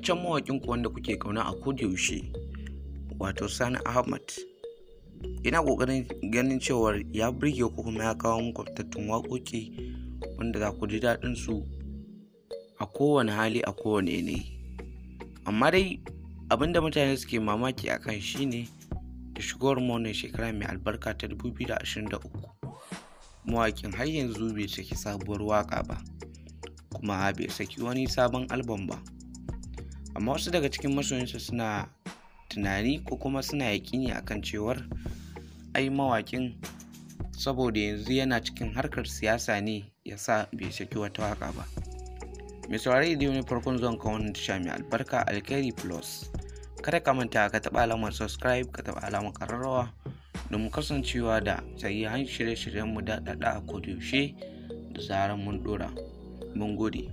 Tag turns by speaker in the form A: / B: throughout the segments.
A: fitaccen mawakin ku wanda kuke kauna a yaushe wato sani ahmad ina kokarin ganin cewar ya burge ku kuma ya kawo muku fitattun waƙoƙi wanda za ku ji daɗin su a kowane hali a kowane yanayi amma dai abin da mutane suke mamaki a kan shi ne da shigowar wannan shekara mai albarka ta 2023 mawaƙin har yanzu bai saki sabuwar waƙa ba kuma bai saki wani sabon albam ba amma wasu daga cikin masoyansu suna tunani ko kuma suna yakini akan cewar ai mawakin saboda yanzu yana cikin harkar siyasa ne ya sa bai saki wata waka ba mai saurari da ne farkon zuwan ka wannan tasha mai albarka alkali plus kada ka manta ka taba alamar subscribe ka taba alamar ƙararrawa domin kasancewa da han shirye-shiryenmu da dada a kodiyoshe da zarar mun dora mun gode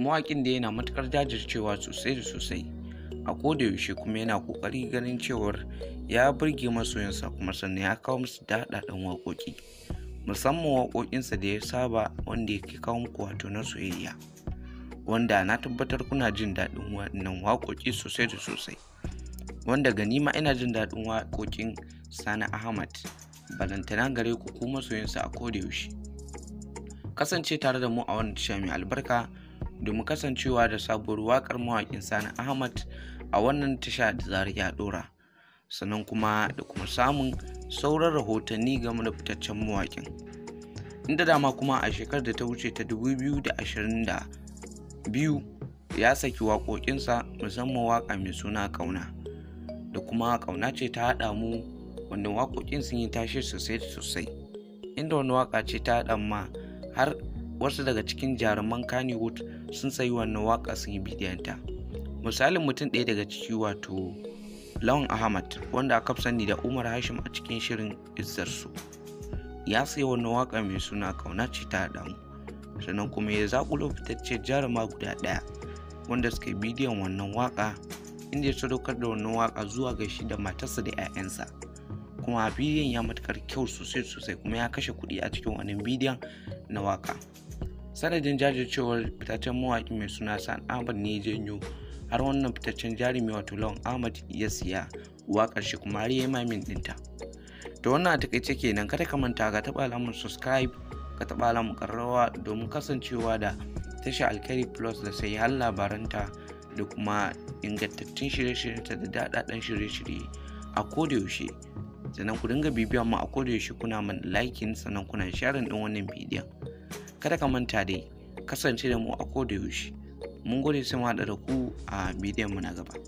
A: mawaƙin da yana matuƙar jajircewa sosai da sosai a kodayaushe kuma yana ƙoƙari ganin cewar ya burge masoyansa kuma sannan ya kawo musu daɗaɗɗen waƙoƙi musamman waƙoƙinsa da ya saba wanda yake kawo muku wato na soyayya wanda na tabbatar kuna jin daɗin waɗannan waƙoƙi sosai da sosai wanda gani ma ina jin daɗin waƙoƙin sani ahmad balantana gare ku ku masoyinsa a kodayaushe kasance tare da mu a wannan tasha mai albarka domin kasancewa da sabuwar waƙar mawaƙin Sani Ahmad a wannan tasha da zarar ya ɗora. Sannan kuma da kuma samun sauran rahotanni game da fitaccen mawaƙin. Inda dama kuma a shekarar da ta wuce ta 2022 ya saki waƙoƙinsa musamman waƙa mai suna ƙauna. Da kuma ƙauna ce ta haɗa mu wanda waƙoƙin sun yi tashe sosai sosai. Inda wani waƙa ce ta haɗa ma har wasu daga cikin jaruman kannywood sun sayi wannan waka sun yi bidiyanta misalin mutum ɗaya daga ciki wato lawan ahmad wanda aka fi sani da umar hashim a cikin shirin izzarsu ya sayi wannan waka mai suna kauna ce ta damu sannan kuma ya zakulo fitacce jaruma guda ɗaya wanda suka yi bidiyon wannan waka inda ya sadaukar da wannan waka zuwa ga shi da matarsa da 'ya'yansa kuma bidiyon ya matukar kyau sosai sosai kuma ya kashe kuɗi a cikin wannan bidiyon na waka sanadin jajircewar fitaccen mawaƙi mai suna san ahmad ne janyo har wannan fitaccen jarumi wato lawan ahmad ya siya wa ƙarshe kuma har ya mamin dinta. to wannan a takaice kenan kada ka manta ka taɓa alamun subscribe ka taɓa alamun ƙararrawa domin kasancewa da tashar alkari plus da sai har labaranta da kuma ingantattun shirye-shiryenta da daɗaɗɗen shirye-shirye a kodayaushe sannan ku dinga bibiyan mu a kodayaushe kuna mana laikin sannan kuna sharing ɗin wannan bidiyon kada ka manta dai kasance da mu a koda yaushe mun gode sai mu haɗa da ku a bidiyon mu na gaba